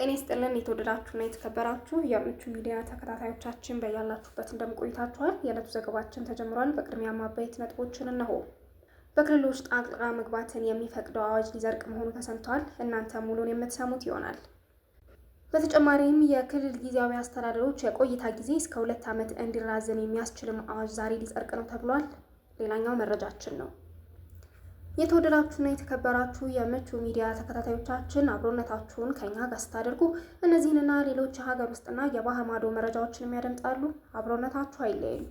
ጤና ይስጥልን የተወደዳችሁና የተከበራችሁ የምቹ ሚዲያ ተከታታዮቻችን በያላችሁበት እንደምቆይታችኋል። የዕለቱ ዘገባችን ተጀምሯል። በቅድሚያ አበይት ነጥቦችን እነሆ። በክልል ውስጥ ጣልቃ መግባትን የሚፈቅደው አዋጅ ሊዘርቅ መሆኑ ተሰምቷል። እናንተ ሙሉን የምትሰሙት ይሆናል። በተጨማሪም የክልል ጊዜያዊ አስተዳደሮች የቆይታ ጊዜ እስከ ሁለት ዓመት እንዲራዘም የሚያስችልም አዋጅ ዛሬ ሊጸድቅ ነው ተብሏል። ሌላኛው መረጃችን ነው። የተወደዳችሁና የተከበራችሁ የምቹ ሚዲያ ተከታታዮቻችን አብሮነታችሁን ከኛ ጋር ስታደርጉ እነዚህንና ሌሎች የሀገር ውስጥና የባህር ማዶ መረጃዎችን የሚያደምጣሉ አብሮነታችሁ አይለይም።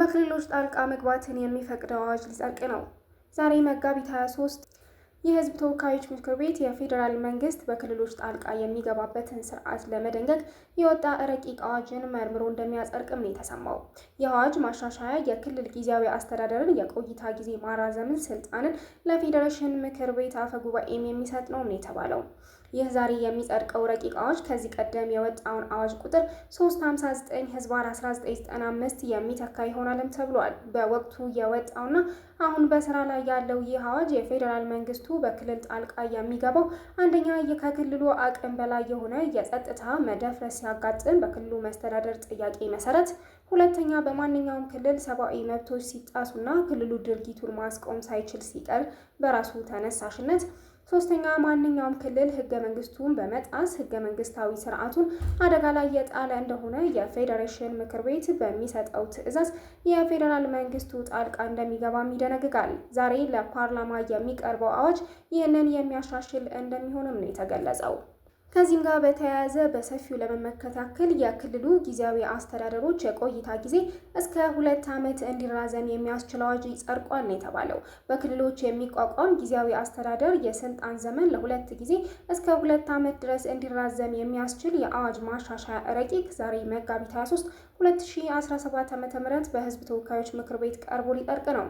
በክልሎች ጣልቃ መግባትን የሚፈቅድ አዋጅ ሊጸድቅ ነው። ዛሬ መጋቢት 23 የህዝብ ተወካዮች ምክር ቤት የፌዴራል መንግስት በክልሎች ጣልቃ የሚገባበትን ስርዓት ለመደንገግ የወጣ ረቂቅ አዋጅን መርምሮ እንደሚያጸድቅም ነው የተሰማው። የአዋጅ ማሻሻያ የክልል ጊዜያዊ አስተዳደርን የቆይታ ጊዜ ማራዘምን ስልጣንን ለፌዴሬሽን ምክር ቤት አፈ ጉባኤም የሚሰጥ ነው የተባለው ይህ ዛሬ የሚጸድቀው ረቂቅ አዋጅ ከዚህ ቀደም የወጣውን አዋጅ ቁጥር 359 ህዝባን 1995 የሚተካ ይሆናልም ተብሏል። በወቅቱ የወጣውና አሁን በስራ ላይ ያለው ይህ አዋጅ የፌዴራል መንግስቱ በክልል ጣልቃ የሚገባው አንደኛ ከክልሉ አቅም በላይ የሆነ የጸጥታ መደፍረስ ሲያጋጥም በክልሉ መስተዳደር ጥያቄ መሰረት፣ ሁለተኛ በማንኛውም ክልል ሰብአዊ መብቶች ሲጣሱና ክልሉ ድርጊቱን ማስቆም ሳይችል ሲቀር በራሱ ተነሳሽነት ሶስተኛ ማንኛውም ክልል ህገ መንግስቱን በመጣስ ህገ መንግስታዊ ስርዓቱን አደጋ ላይ የጣለ እንደሆነ የፌዴሬሽን ምክር ቤት በሚሰጠው ትዕዛዝ የፌዴራል መንግስቱ ጣልቃ እንደሚገባም ይደነግጋል። ዛሬ ለፓርላማ የሚቀርበው አዋጅ ይህንን የሚያሻሽል እንደሚሆንም ነው የተገለጸው። ከዚህም ጋር በተያያዘ በሰፊው ለመመከታከል የክልሉ ጊዜያዊ አስተዳደሮች የቆይታ ጊዜ እስከ ሁለት ዓመት እንዲራዘም የሚያስችል አዋጅ ጸድቋል ነው የተባለው። በክልሎች የሚቋቋም ጊዜያዊ አስተዳደር የስልጣን ዘመን ለሁለት ጊዜ እስከ ሁለት ዓመት ድረስ እንዲራዘም የሚያስችል የአዋጅ ማሻሻያ ረቂቅ ዛሬ መጋቢት 23 2017 ዓ.ም በህዝብ ተወካዮች ምክር ቤት ቀርቦ ሊጸድቅ ነው።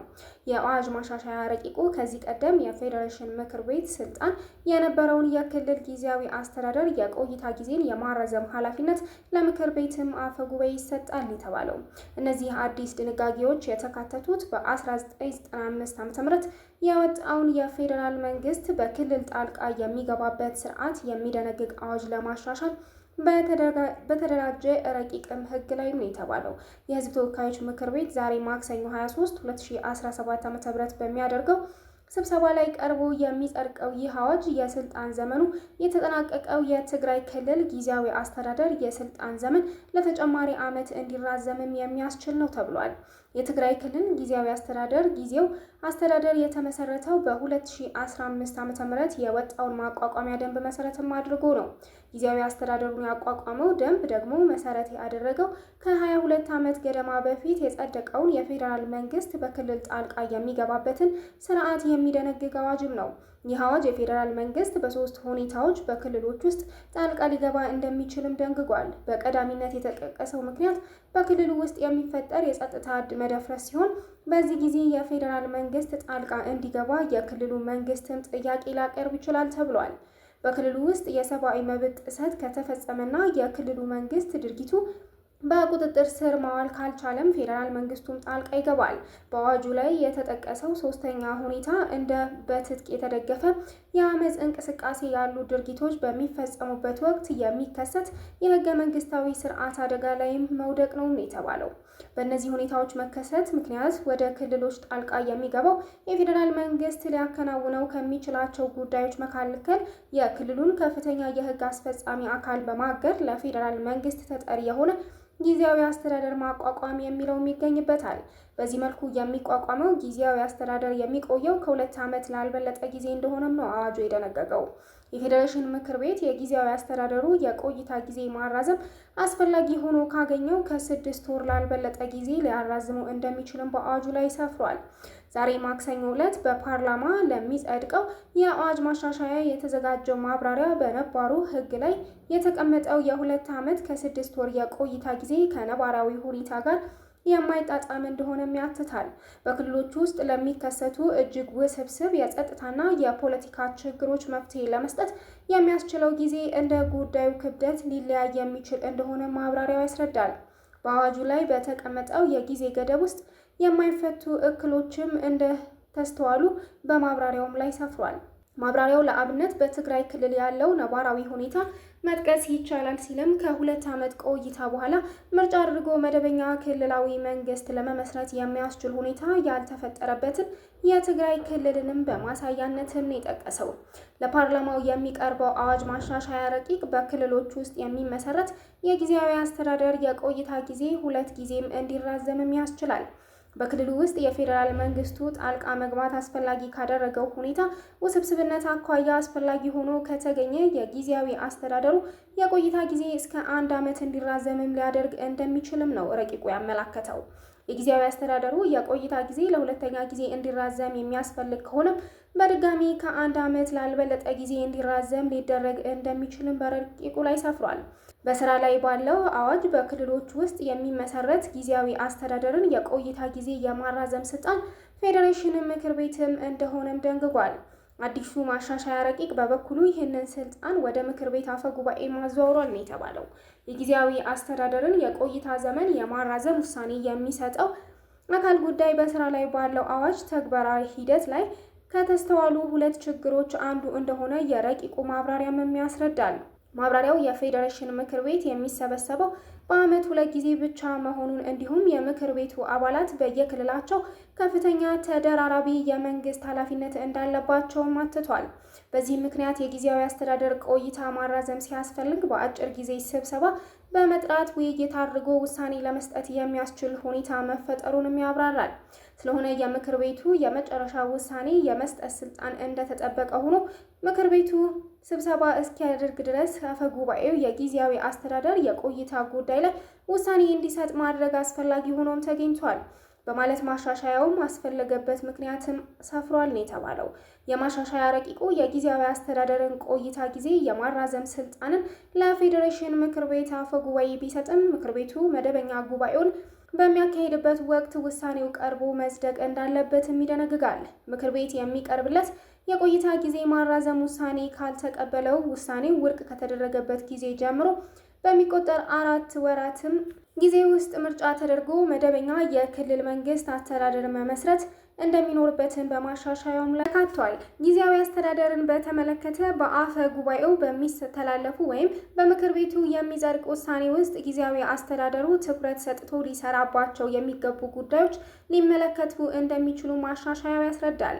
የአዋጅ ማሻሻያ ረቂቁ ከዚህ ቀደም የፌዴሬሽን ምክር ቤት ስልጣን የነበረውን የክልል ጊዜያዊ አስተዳደር የቆይታ ጊዜን የማራዘም ኃላፊነት ለምክር ቤትም አፈ ጉባኤ ይሰጣል የተባለው እነዚህ አዲስ ድንጋጌዎች የተካተቱት በ1995 ዓ.ም የወጣውን የፌዴራል መንግስት በክልል ጣልቃ የሚገባበት ስርዓት የሚደነግግ አዋጅ ለማሻሻል በተደራጀ ረቂቅም ህግ ላይ ነው የተባለው። የህዝብ ተወካዮች ምክር ቤት ዛሬ ማክሰኞ 23 2017 ዓ ም በሚያደርገው ስብሰባ ላይ ቀርቦ የሚጸድቀው ይህ አዋጅ የስልጣን ዘመኑ የተጠናቀቀው የትግራይ ክልል ጊዜያዊ አስተዳደር የስልጣን ዘመን ለተጨማሪ ዓመት እንዲራዘምም የሚያስችል ነው ተብሏል። የትግራይ ክልል ጊዜያዊ አስተዳደር ጊዜው አስተዳደር የተመሰረተው በ2015 ዓ ም የወጣውን ማቋቋሚያ ደንብ መሰረትም አድርጎ ነው። ጊዜያዊ አስተዳደሩን ያቋቋመው ደንብ ደግሞ መሰረት ያደረገው ከ22 ዓመት ገደማ በፊት የጸደቀውን የፌዴራል መንግስት በክልል ጣልቃ የሚገባበትን ስርዓት የሚደነግግ አዋጅም ነው። ይህ የፌዴራል መንግስት በሶስት ሁኔታዎች በክልሎች ውስጥ ጣልቃ ሊገባ እንደሚችልም ደንግጓል። በቀዳሚነት የተጠቀሰው ምክንያት በክልሉ ውስጥ የሚፈጠር የጸጥታ መደፍረስ ሲሆን በዚህ ጊዜ የፌዴራል መንግስት ጣልቃ እንዲገባ የክልሉ መንግስትም ጥያቄ ሊያቀርብ ይችላል ተብሏል። በክልሉ ውስጥ የሰብአዊ መብት ጥሰት ከተፈጸመና የክልሉ መንግስት ድርጊቱ በቁጥጥር ስር ማዋል ካልቻለም ፌዴራል መንግስቱም ጣልቃ ይገባል። በአዋጁ ላይ የተጠቀሰው ሶስተኛ ሁኔታ እንደ በትጥቅ የተደገፈ የአመፅ እንቅስቃሴ ያሉ ድርጊቶች በሚፈጸሙበት ወቅት የሚከሰት የህገ መንግስታዊ ስርዓት አደጋ ላይም መውደቅ ነው የተባለው። በእነዚህ ሁኔታዎች መከሰት ምክንያት ወደ ክልሎች ጣልቃ የሚገባው የፌዴራል መንግስት ሊያከናውነው ከሚችላቸው ጉዳዮች መካከል የክልሉን ከፍተኛ የህግ አስፈጻሚ አካል በማገድ ለፌዴራል መንግስት ተጠሪ የሆነ ጊዜያዊ አስተዳደር ማቋቋም የሚለው ይገኝበታል። በዚህ መልኩ የሚቋቋመው ጊዜያዊ አስተዳደር የሚቆየው ከሁለት ዓመት ላልበለጠ ጊዜ እንደሆነም ነው አዋጁ የደነገገው። የፌዴሬሽን ምክር ቤት የጊዜያዊ አስተዳደሩ የቆይታ ጊዜ ማራዘም አስፈላጊ ሆኖ ካገኘው ከስድስት ወር ላልበለጠ ጊዜ ሊያራዝመው እንደሚችልም በአዋጁ ላይ ሰፍሯል። ዛሬ ማክሰኞ ዕለት በፓርላማ ለሚጸድቀው የአዋጅ ማሻሻያ የተዘጋጀው ማብራሪያ በነባሩ ሕግ ላይ የተቀመጠው የሁለት ዓመት ከስድስት ወር የቆይታ ጊዜ ከነባራዊ ሁኔታ ጋር የማይጣጣም እንደሆነ ያትታል። በክልሎች ውስጥ ለሚከሰቱ እጅግ ውስብስብ የጸጥታና የፖለቲካ ችግሮች መፍትሄ ለመስጠት የሚያስችለው ጊዜ እንደ ጉዳዩ ክብደት ሊለያይ የሚችል እንደሆነ ማብራሪያው ያስረዳል። በአዋጁ ላይ በተቀመጠው የጊዜ ገደብ ውስጥ የማይፈቱ እክሎችም እንደ ተስተዋሉ በማብራሪያውም ላይ ሰፍሯል። ማብራሪያው ለአብነት በትግራይ ክልል ያለው ነባራዊ ሁኔታ መጥቀስ ይቻላል ሲልም ከሁለት ዓመት ቆይታ በኋላ ምርጫ አድርጎ መደበኛ ክልላዊ መንግስት ለመመስረት የሚያስችል ሁኔታ ያልተፈጠረበትን የትግራይ ክልልንም በማሳያነትም የጠቀሰው ለፓርላማው የሚቀርበው አዋጅ ማሻሻያ ረቂቅ በክልሎች ውስጥ የሚመሰረት የጊዜያዊ አስተዳደር የቆይታ ጊዜ ሁለት ጊዜም እንዲራዘምም ያስችላል። በክልሉ ውስጥ የፌዴራል መንግስቱ ጣልቃ መግባት አስፈላጊ ካደረገው ሁኔታ ውስብስብነት አኳያ አስፈላጊ ሆኖ ከተገኘ የጊዜያዊ አስተዳደሩ የቆይታ ጊዜ እስከ አንድ ዓመት እንዲራዘምም ሊያደርግ እንደሚችልም ነው ረቂቁ ያመላከተው። የጊዜያዊ አስተዳደሩ የቆይታ ጊዜ ለሁለተኛ ጊዜ እንዲራዘም የሚያስፈልግ ከሆነም በድጋሚ ከአንድ ዓመት ላልበለጠ ጊዜ እንዲራዘም ሊደረግ እንደሚችልም በረቂቁ ላይ ሰፍሯል። በስራ ላይ ባለው አዋጅ በክልሎች ውስጥ የሚመሰረት ጊዜያዊ አስተዳደርን የቆይታ ጊዜ የማራዘም ስልጣን ፌዴሬሽን ምክር ቤትም እንደሆነም ደንግጓል። አዲሱ ማሻሻያ ረቂቅ በበኩሉ ይህንን ስልጣን ወደ ምክር ቤት አፈ ጉባኤ ማዘዋወሯል ነው የተባለው። የጊዜያዊ አስተዳደርን የቆይታ ዘመን የማራዘም ውሳኔ የሚሰጠው አካል ጉዳይ በስራ ላይ ባለው አዋጅ ተግባራዊ ሂደት ላይ ከተስተዋሉ ሁለት ችግሮች አንዱ እንደሆነ የረቂቁ ማብራሪያም የሚያስረዳል። ማብራሪያው የፌዴሬሽን ምክር ቤት የሚሰበሰበው በዓመት ሁለት ጊዜ ብቻ መሆኑን እንዲሁም የምክር ቤቱ አባላት በየክልላቸው ከፍተኛ ተደራራቢ የመንግስት ኃላፊነት እንዳለባቸውም አትቷል። በዚህ ምክንያት የጊዜያዊ አስተዳደር ቆይታ ማራዘም ሲያስፈልግ በአጭር ጊዜ ስብሰባ በመጥራት ውይይት አድርጎ ውሳኔ ለመስጠት የሚያስችል ሁኔታ መፈጠሩንም ያብራራል። ስለሆነ የምክር ቤቱ የመጨረሻ ውሳኔ የመስጠት ስልጣን እንደተጠበቀ ሆኖ ምክር ቤቱ ስብሰባ እስኪያደርግ ድረስ አፈ ጉባኤው የጊዜያዊ አስተዳደር የቆይታ ጉዳይ ላይ ውሳኔ እንዲሰጥ ማድረግ አስፈላጊ ሆኖም ተገኝቷል በማለት ማሻሻያውም አስፈለገበት ምክንያትም ሰፍሯል ነው የተባለው። የማሻሻያ ረቂቁ የጊዜያዊ አስተዳደርን ቆይታ ጊዜ የማራዘም ስልጣንን ለፌዴሬሽን ምክር ቤት አፈ ጉባኤ ቢሰጥም ምክር ቤቱ መደበኛ ጉባኤውን በሚያካሂድበት ወቅት ውሳኔው ቀርቦ መጽደቅ እንዳለበትም ይደነግጋል። ምክር ቤት የሚቀርብለት የቆይታ ጊዜ ማራዘም ውሳኔ ካልተቀበለው ውሳኔው ውድቅ ከተደረገበት ጊዜ ጀምሮ በሚቆጠር አራት ወራትም ጊዜ ውስጥ ምርጫ ተደርጎ መደበኛ የክልል መንግስት አስተዳደር መመስረት እንደሚኖርበትን በማሻሻያውም ላይ ካቷል። ጊዜያዊ አስተዳደርን በተመለከተ በአፈ ጉባኤው በሚተላለፉ ወይም በምክር ቤቱ የሚጸድቅ ውሳኔ ውስጥ ጊዜያዊ አስተዳደሩ ትኩረት ሰጥቶ ሊሰራባቸው የሚገቡ ጉዳዮች ሊመለከቱ እንደሚችሉ ማሻሻያው ያስረዳል።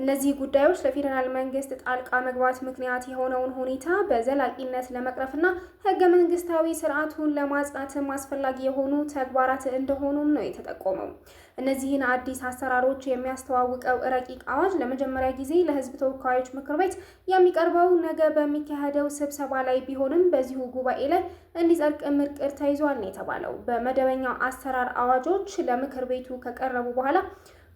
እነዚህ ጉዳዮች ለፌዴራል መንግስት ጣልቃ መግባት ምክንያት የሆነውን ሁኔታ በዘላቂነት ለመቅረፍና ህገ መንግስታዊ ስርዓቱን ለማጽናትም አስፈላጊ የሆኑ ተግባራት እንደሆኑም ነው የተጠቆመው። እነዚህን አዲስ አሰራሮች የሚያስተዋውቀው ረቂቅ አዋጅ ለመጀመሪያ ጊዜ ለህዝብ ተወካዮች ምክር ቤት የሚቀርበው ነገ በሚካሄደው ስብሰባ ላይ ቢሆንም በዚሁ ጉባኤ ላይ እንዲጸድቅ ምርቅር ተይዟል ነው የተባለው። በመደበኛው አሰራር አዋጆች ለምክር ቤቱ ከቀረቡ በኋላ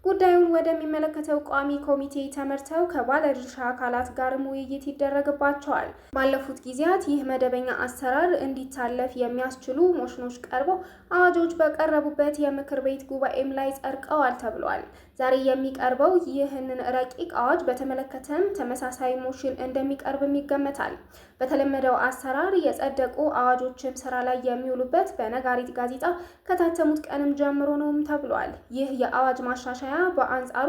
ጉዳዩን ወደሚመለከተው ቋሚ ኮሚቴ ተመርተው ከባለድርሻ አካላት ጋርም ውይይት ይደረግባቸዋል። ባለፉት ጊዜያት ይህ መደበኛ አሰራር እንዲታለፍ የሚያስችሉ ሞሽኖች ቀርበው አዋጆች በቀረቡበት የምክር ቤት ጉባኤም ላይ ጸድቀዋል ተብሏል። ዛሬ የሚቀርበው ይህንን ረቂቅ አዋጅ በተመለከተም ተመሳሳይ ሞሽን እንደሚቀርብም ይገመታል። በተለመደው አሰራር የጸደቁ አዋጆችም ስራ ላይ የሚውሉበት በነጋሪት ጋዜጣ ከታተሙት ቀንም ጀምሮ ነውም ተብሏል። ይህ የአዋጅ ማሻሻያ በአንጻሩ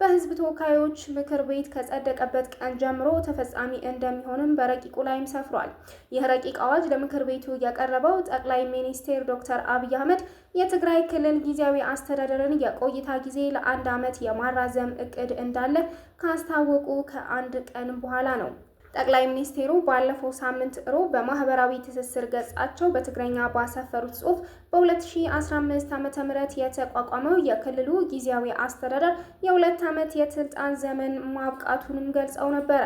በህዝብ ተወካዮች ምክር ቤት ከጸደቀበት ቀን ጀምሮ ተፈጻሚ እንደሚሆንም በረቂቁ ላይም ሰፍሯል። ይህ ረቂቅ አዋጅ ለምክር ቤቱ ያቀረበው ጠቅላይ ሚኒስቴር ዶክተር አብይ አህመድ የትግራይ ክልል ጊዜያዊ አስተዳደርን የቆይታ ጊዜ ለአንድ ዓመት የማራዘም እቅድ እንዳለ ካስታወቁ ከአንድ ቀን በኋላ ነው። ጠቅላይ ሚኒስቴሩ ባለፈው ሳምንት ሮብ በማህበራዊ ትስስር ገጻቸው በትግረኛ ባሰፈሩት ጽሑፍ በ2015 ዓ.ም የተቋቋመው የክልሉ ጊዜያዊ አስተዳደር የሁለት ዓመት የስልጣን ዘመን ማብቃቱንም ገልጸው ነበረ።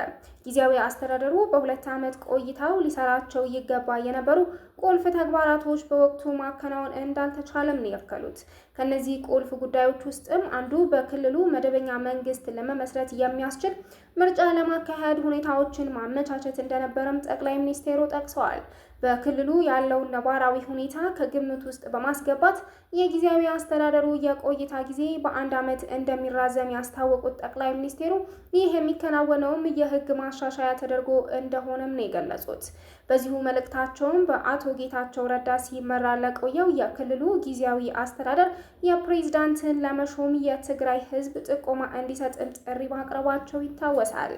ጊዜያዊ አስተዳደሩ በሁለት ዓመት ቆይታው ሊሰራቸው ይገባ የነበሩ ቁልፍ ተግባራቶች በወቅቱ ማከናወን እንዳልተቻለም ነው ያከሉት። ከነዚህ ቁልፍ ጉዳዮች ውስጥም አንዱ በክልሉ መደበኛ መንግስት ለመመስረት የሚያስችል ምርጫ ለማካሄድ ሁኔታዎችን ማመቻቸት እንደነበረም ጠቅላይ ሚኒስቴሩ ጠቅሰዋል። በክልሉ ያለውን ነባራዊ ሁኔታ ከግምት ውስጥ በማስገባት የጊዜያዊ አስተዳደሩ የቆይታ ጊዜ በአንድ ዓመት እንደሚራዘም ያስታወቁት ጠቅላይ ሚኒስቴሩ ይህ የሚከናወነውም የሕግ ማሻሻያ ተደርጎ እንደሆነም ነው የገለጹት። በዚሁ መልእክታቸውም በአቶ ጌታቸው ረዳ ሲመራ ለቆየው የክልሉ ጊዜያዊ አስተዳደር የፕሬዝዳንትን ለመሾም የትግራይ ሕዝብ ጥቆማ እንዲሰጥም ጥሪ ማቅረባቸው ይታወሳል።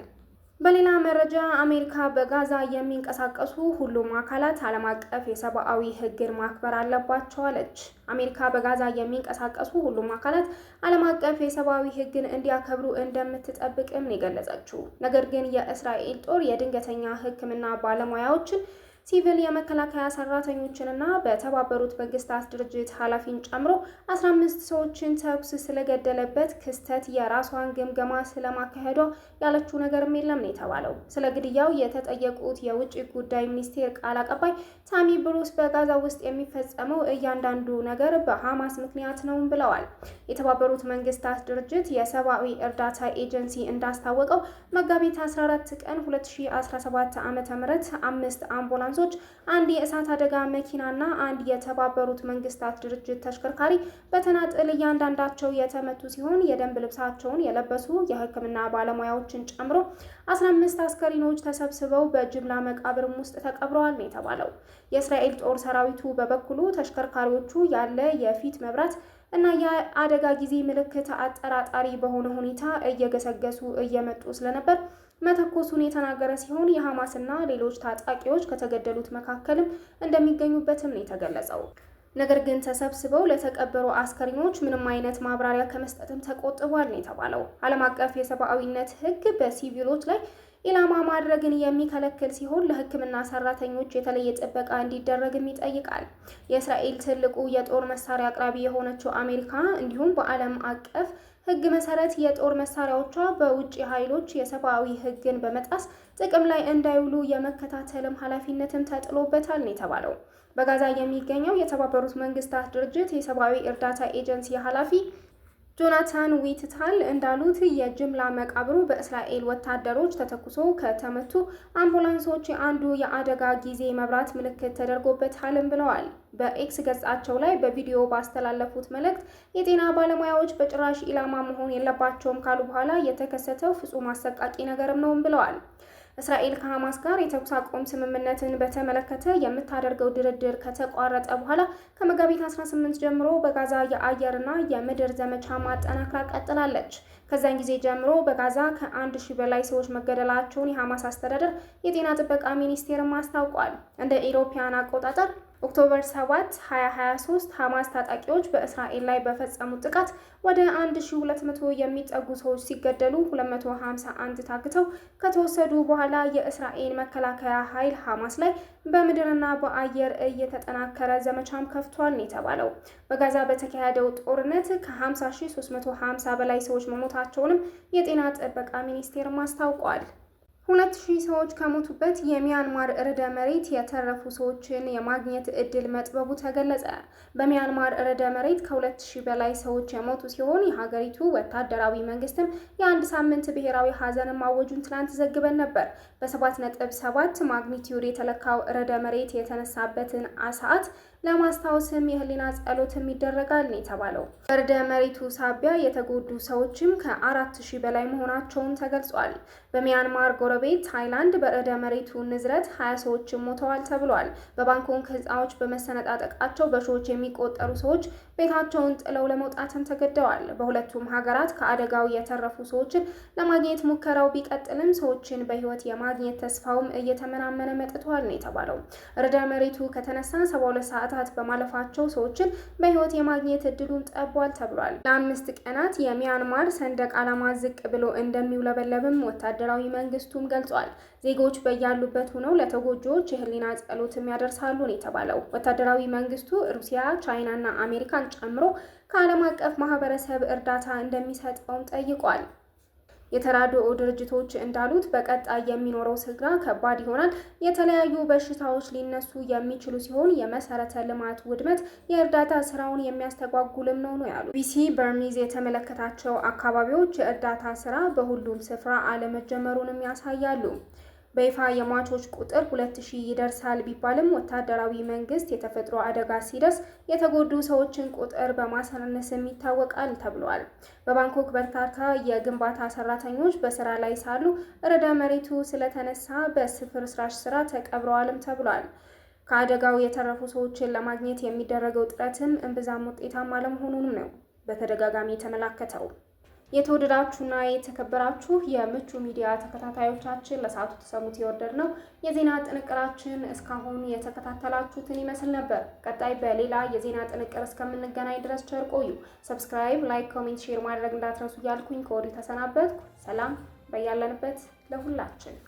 በሌላ መረጃ አሜሪካ በጋዛ የሚንቀሳቀሱ ሁሉም አካላት ዓለም አቀፍ የሰብአዊ ሕግን ማክበር አለባቸው አለች። አሜሪካ በጋዛ የሚንቀሳቀሱ ሁሉም አካላት ዓለም አቀፍ የሰብአዊ ሕግን እንዲያከብሩ እንደምትጠብቅም ነው የገለጸችው። ነገር ግን የእስራኤል ጦር የድንገተኛ ሕክምና ባለሙያዎችን ሲቪል የመከላከያ ሰራተኞችንና በተባበሩት መንግስታት ድርጅት ኃላፊን ጨምሮ 15 ሰዎችን ተኩስ ስለገደለበት ክስተት የራሷን ግምገማ ስለማካሄዷ ያለችው ነገርም የለም ነው የተባለው። ስለ ግድያው የተጠየቁት የውጭ ጉዳይ ሚኒስቴር ቃል አቀባይ ታሚ ብሩስ በጋዛ ውስጥ የሚፈጸመው እያንዳንዱ ነገር በሐማስ ምክንያት ነው ብለዋል። የተባበሩት መንግስታት ድርጅት የሰብአዊ እርዳታ ኤጀንሲ እንዳስታወቀው መጋቢት 14 ቀን 2017 ዓ.ም አምስት አምቡላንሶ አምቡላንሶች፣ አንድ የእሳት አደጋ መኪናና አንድ የተባበሩት መንግስታት ድርጅት ተሽከርካሪ በተናጥል እያንዳንዳቸው የተመቱ ሲሆን የደንብ ልብሳቸውን የለበሱ የሕክምና ባለሙያዎችን ጨምሮ 15 አስከሬኖች ተሰብስበው በጅምላ መቃብርም ውስጥ ተቀብረዋል ነው የተባለው። የእስራኤል ጦር ሰራዊቱ በበኩሉ ተሽከርካሪዎቹ ያለ የፊት መብራት እና የአደጋ ጊዜ ምልክት አጠራጣሪ በሆነ ሁኔታ እየገሰገሱ እየመጡ ስለነበር መተኮሱን የተናገረ ሲሆን የሐማስና ሌሎች ታጣቂዎች ከተገደሉት መካከልም እንደሚገኙበትም ነው የተገለጸው። ነገር ግን ተሰብስበው ለተቀበሩ አስከሬኖች ምንም አይነት ማብራሪያ ከመስጠትም ተቆጥቧል ነው የተባለው። ዓለም አቀፍ የሰብአዊነት ሕግ በሲቪሎች ላይ ኢላማ ማድረግን የሚከለክል ሲሆን ለሕክምና ሰራተኞች የተለየ ጥበቃ እንዲደረግም ይጠይቃል። የእስራኤል ትልቁ የጦር መሳሪያ አቅራቢ የሆነችው አሜሪካ እንዲሁም በዓለም አቀፍ ህግ መሰረት የጦር መሳሪያዎቿ በውጭ ኃይሎች የሰብአዊ ህግን በመጣስ ጥቅም ላይ እንዳይውሉ የመከታተልም ኃላፊነትም ተጥሎበታል ነው የተባለው። በጋዛ የሚገኘው የተባበሩት መንግስታት ድርጅት የሰብአዊ እርዳታ ኤጀንሲ ኃላፊ ጆናታን ዊትታል እንዳሉት የጅምላ መቃብሩ በእስራኤል ወታደሮች ተተኩሶ ከተመቱ አምቡላንሶች አንዱ የአደጋ ጊዜ መብራት ምልክት ተደርጎበታልም ብለዋል። በኤክስ ገጻቸው ላይ በቪዲዮ ባስተላለፉት መልእክት የጤና ባለሙያዎች በጭራሽ ኢላማ መሆን የለባቸውም ካሉ በኋላ የተከሰተው ፍጹም አሰቃቂ ነገርም ነውም ብለዋል። እስራኤል ከሐማስ ጋር የተኩስ አቁም ስምምነትን በተመለከተ የምታደርገው ድርድር ከተቋረጠ በኋላ ከመጋቢት 18 ጀምሮ በጋዛ የአየርና የምድር ዘመቻ ማጠናክራ ቀጥላለች። ከዛን ጊዜ ጀምሮ በጋዛ ከአንድ ሺህ በላይ ሰዎች መገደላቸውን የሐማስ አስተዳደር የጤና ጥበቃ ሚኒስቴርም አስታውቋል። እንደ ኢሮፓያን አቆጣጠር ኦክቶበር 7 2023 ሐማስ ታጣቂዎች በእስራኤል ላይ በፈጸሙት ጥቃት ወደ 1200 የሚጠጉ ሰዎች ሲገደሉ 251 ታግተው ከተወሰዱ በኋላ የእስራኤል መከላከያ ኃይል ሐማስ ላይ በምድርና በአየር እየተጠናከረ ዘመቻም ከፍቷል ነው የተባለው። በጋዛ በተካሄደው ጦርነት ከ50350 በላይ ሰዎች መሞታቸውንም የጤና ጥበቃ ሚኒስቴር ማስታውቋል። ሁለት ሺህ ሰዎች ከሞቱበት የሚያንማር ርዕደ መሬት የተረፉ ሰዎችን የማግኘት እድል መጥበቡ ተገለጸ። በሚያንማር ርዕደ መሬት ከሁለት ሺህ በላይ ሰዎች የሞቱ ሲሆን የሀገሪቱ ወታደራዊ መንግስትም የአንድ ሳምንት ብሔራዊ ሀዘን ማወጁን ትናንት ዘግበን ነበር። በሰባት ነጥብ ሰባት ማግኒቲዩድ የተለካው ርዕደ መሬት የተነሳበትን ሰዓት ለማስታወስም የህሊና ጸሎትም ይደረጋል ነው የተባለው። በርዕደ መሬቱ ሳቢያ የተጎዱ ሰዎችም ከአራት ሺህ በላይ መሆናቸውን ተገልጿል። በሚያንማር ጎረቤት ታይላንድ በርዕደ መሬቱ ንዝረት 20 ሰዎችም ሞተዋል ተብሏል። በባንኮክ ህንፃዎች በመሰነጣጠቃቸው በሺዎች የሚቆጠሩ ሰዎች ቤታቸውን ጥለው ለመውጣትም ተገደዋል። በሁለቱም ሀገራት ከአደጋው የተረፉ ሰዎችን ለማግኘት ሙከራው ቢቀጥልም ሰዎችን በህይወት የማግኘት ተስፋውም እየተመናመነ መጥቷል ነው የተባለው። ርዕደ መሬቱ ከተነሳ 72 ሰዓት ሰዓታት በማለፋቸው ሰዎችን በህይወት የማግኘት እድሉን ጠቧል ተብሏል። ለአምስት ቀናት የሚያንማር ሰንደቅ ዓላማ ዝቅ ብሎ እንደሚውለበለብም ወታደራዊ መንግስቱም ገልጿል። ዜጎች በያሉበት ሆነው ለተጎጂዎች የህሊና ጸሎትም ያደርሳሉ ነው የተባለው። ወታደራዊ መንግስቱ ሩሲያ፣ ቻይናና አሜሪካን ጨምሮ ከዓለም አቀፍ ማህበረሰብ እርዳታ እንደሚሰጠውም ጠይቋል። የተራድኦ ድርጅቶች እንዳሉት በቀጣይ የሚኖረው ስጋ ከባድ ይሆናል። የተለያዩ በሽታዎች ሊነሱ የሚችሉ ሲሆን የመሰረተ ልማት ውድመት የእርዳታ ስራውን የሚያስተጓጉልም ነው ነው ያሉ ቢሲ በርሚዝ የተመለከታቸው አካባቢዎች የእርዳታ ስራ በሁሉም ስፍራ አለመጀመሩንም ያሳያሉ። በይፋ የሟቾች ቁጥር 2000 ይደርሳል ቢባልም ወታደራዊ መንግስት የተፈጥሮ አደጋ ሲደርስ የተጎዱ ሰዎችን ቁጥር በማሳነስም ይታወቃል ተብሏል። በባንኮክ በርካታ የግንባታ ሰራተኞች በስራ ላይ ሳሉ ረዳ መሬቱ ስለተነሳ ስራሽ ስራ ተቀብረዋልም ተብሏል። ከአደጋው የተረፉ ሰዎችን ለማግኘት የሚደረገው ጥረትም እምብዛም ውጤታማ አለመሆኑንም ነው በተደጋጋሚ የተመላከተው። የተወደዳችሁና የተከበራችሁ የምቹ ሚዲያ ተከታታዮቻችን ለሰዓቱ ተሰሙት የወደድ ነው የዜና ጥንቅራችን እስካሁን የተከታተላችሁትን ይመስል ነበር። ቀጣይ በሌላ የዜና ጥንቅር እስከምንገናኝ ድረስ ቸር ቆዩ። ሰብስክራይብ፣ ላይክ፣ ኮሜንት፣ ሼር ማድረግ እንዳትረሱ እያልኩኝ ከወዲሁ ተሰናበትኩ። ሰላም በያለንበት ለሁላችን